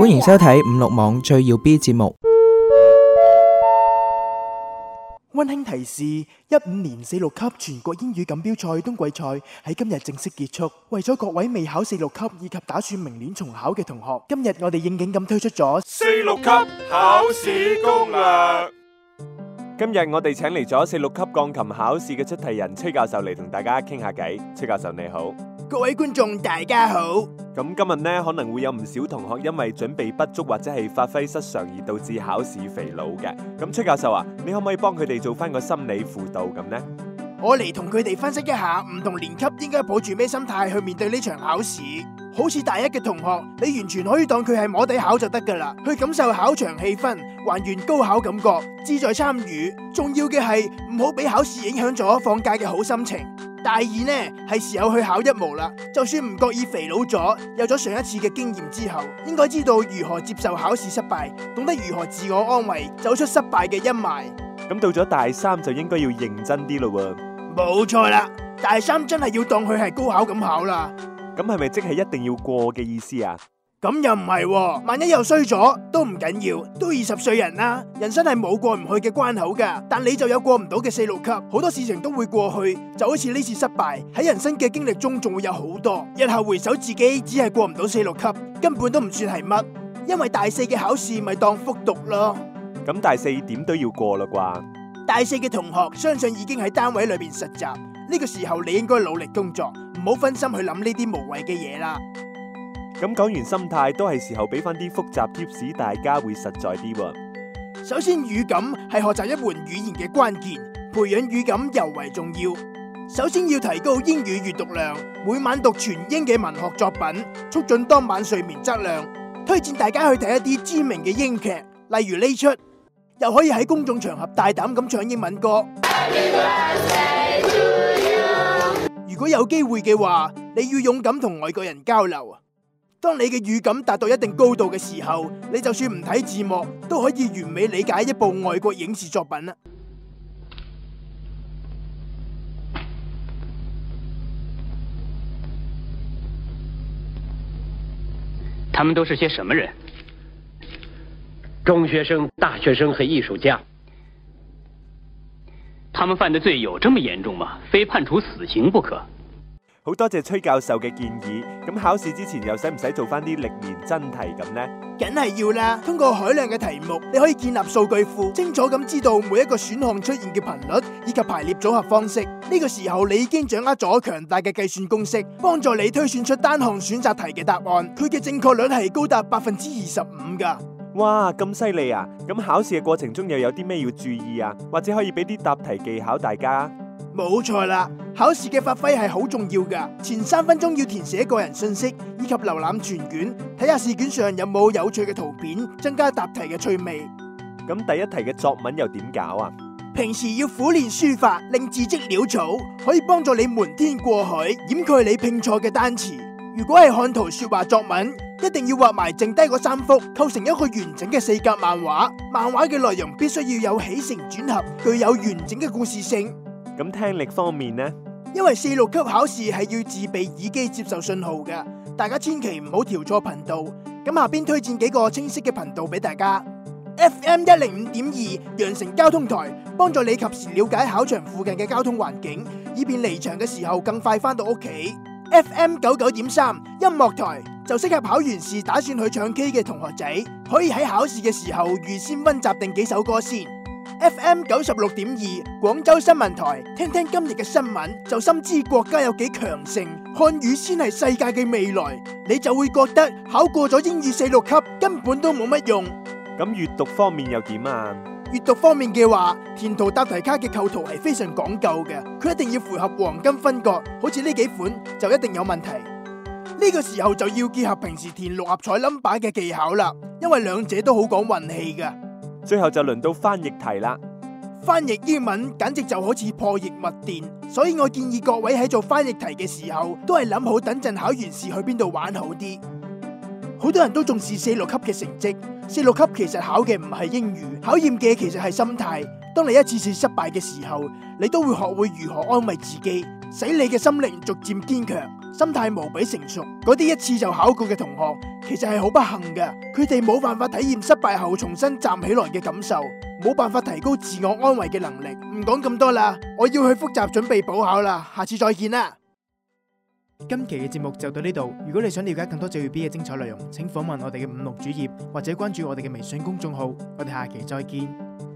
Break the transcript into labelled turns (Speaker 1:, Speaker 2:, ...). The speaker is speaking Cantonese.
Speaker 1: 歡迎收睇五六網最耀 B 節目。溫馨提示：一五年四六級全國英語錦標賽冬季賽喺今日正式結束。為咗各位未考四六級以及打算明年重考嘅同學，今日我哋應景咁推出咗四
Speaker 2: 六級考試攻略。今日我哋請嚟咗四六級鋼琴考試嘅出題人崔教授嚟同大家傾下偈。崔教授你好，
Speaker 1: 各位觀眾大家好。
Speaker 2: 咁今日呢，可能會有唔少同學因為準備不足或者係發揮失常而導致考試肥佬嘅。咁崔教授啊，你可唔可以幫佢哋做翻個心理輔導咁呢？
Speaker 1: 我嚟同佢哋分析一下唔同年級應該抱住咩心態去面對呢場考試。好似大一嘅同學，你完全可以當佢係摸底考就得噶啦，去感受考場氣氛，還原高考感覺，志在參與。重要嘅係唔好俾考試影響咗放假嘅好心情。大二呢係時候去考一模啦，就算唔覺意肥佬咗，有咗上一次嘅經驗之後，應該知道如何接受考試失敗，懂得如何自我安慰，走出失
Speaker 2: 敗嘅陰霾。咁到咗大三就應該要認真啲咯，冇錯啦，大三
Speaker 1: 真係要當佢係高考咁考啦。
Speaker 2: 咁係咪即係一定要過嘅意思啊？
Speaker 1: 咁又唔係喎，萬一又衰咗都唔緊要，都二十歲人啦，人生係冇過唔去嘅關口噶。但你就有過唔到嘅四六級，好多事情都會過去，就好似呢次失敗喺人生嘅經歷中仲會有好多。日後回首自己，只係過唔到四六級，根本都唔算係乜，因為大四嘅考試咪當復讀咯。
Speaker 2: 咁大四點都要過啦啩？
Speaker 1: 大四嘅同學，相信已經喺單位裏邊實習，呢個時候你應該努
Speaker 2: 力工作，
Speaker 1: 唔好分心去諗呢啲無
Speaker 2: 謂嘅嘢啦。咁講完心態，都係時候俾翻啲複雜 tips，大家會實在啲。首先，語感係學習一門語言嘅關鍵，培養語感尤為重要。首
Speaker 1: 先要提高英語閱讀量，每晚讀全英嘅文學作品，促進當晚睡眠質量。推薦大家去睇一啲知名嘅英劇，例如呢出，又可以喺公眾場合大膽咁唱英文歌。如果有機會嘅話，你要勇敢同外國人交流。當你嘅語感達到一定高度嘅時候，你就算唔睇字幕都可以完美理解一部外國影視作品啦。
Speaker 2: 他們都是些什麼人？中學生、大學生和藝術家。他們犯的罪有這麼嚴重嗎？非判處死刑不可。好多謝崔教授嘅建議，咁考試之前又使唔使做翻啲歷年真題咁呢？梗係要啦！通過海量嘅題目，你可以建立數據庫，
Speaker 1: 清楚咁知道每一個選項出現嘅頻率以及排列組合方式。呢個時候你已經掌握咗強大嘅計算公式，幫助你推算出單項選擇題嘅答案。佢嘅正確率係高達百分之二十
Speaker 2: 五噶。哇，咁犀利啊！咁考試嘅過程中又有啲咩要注意啊？或者可以俾啲答題技巧大家？冇錯啦。考
Speaker 1: 試嘅發揮係好重要㗎，前三分鐘要填寫個人信息，以及瀏覽全卷，睇下試卷上有冇有，有趣嘅圖片，增加答題嘅趣味。
Speaker 2: 咁第一題嘅作文又點搞啊？
Speaker 1: 平時要苦練書法，令字迹潦草，可以幫助你瞞天過海，掩蓋你拼錯嘅單詞。如果係看圖說話作文，一定要畫埋剩低嗰三幅，構成一個完整嘅四格漫畫。漫畫嘅內容必須要有起承轉合，具有完整嘅故事性。
Speaker 2: 咁聽力方面呢？
Speaker 1: 因為四六級考試係要自備耳機接受信號嘅，大家千祈唔好調錯頻道。咁下邊推薦幾個清晰嘅頻道俾大家。FM 一零五點二羊城交通台，幫助你及時了解考場附近嘅交通環境，以便離場嘅時候更快翻到屋企。FM 九九點三音樂台就適合考完試打算去唱 K 嘅同學仔，可以喺考試嘅時候預先溫習定幾首歌先。FM 九十六點二，廣州新聞台，聽聽今日嘅新聞就深知國家有幾強盛。漢語先係世界嘅未來，你就會覺得考過咗英語四六級根本都冇乜用。
Speaker 2: 咁閱讀方面又點啊？閱
Speaker 1: 讀方面嘅話，填塗答題卡嘅構圖係非常講究嘅，佢一定要符合黃金分割，好似呢幾款就一定有問題。呢個時候就要結合平時填六合彩 number 嘅技巧啦，因為兩者都好講運氣噶。
Speaker 2: 最後就輪到翻譯題啦。
Speaker 1: 翻譯英文簡直就好似破譯密電，所以我建議各位喺做翻譯題嘅時候，都係諗好等陣考完試去邊度玩好啲。好多人都重視四六級嘅成績，四六級其實考嘅唔係英語，考驗嘅其實係心態。當你一次次失敗嘅時候，你都會學會如何安慰自己，使你嘅心靈逐漸堅強。心態無比成熟，嗰啲一次就考過嘅同學，其實係好不幸嘅，佢哋冇辦法體驗失敗後重新站起來嘅感受，冇辦法提高自我安慰嘅能力。唔講咁多啦，我要去複習準備補考啦，下次再見啦。今期嘅節目就到呢度，如果你想了解更多就業 B 嘅精彩內容，請訪問我哋嘅五六主頁或者關注我哋嘅微信公眾號，我哋下期再見。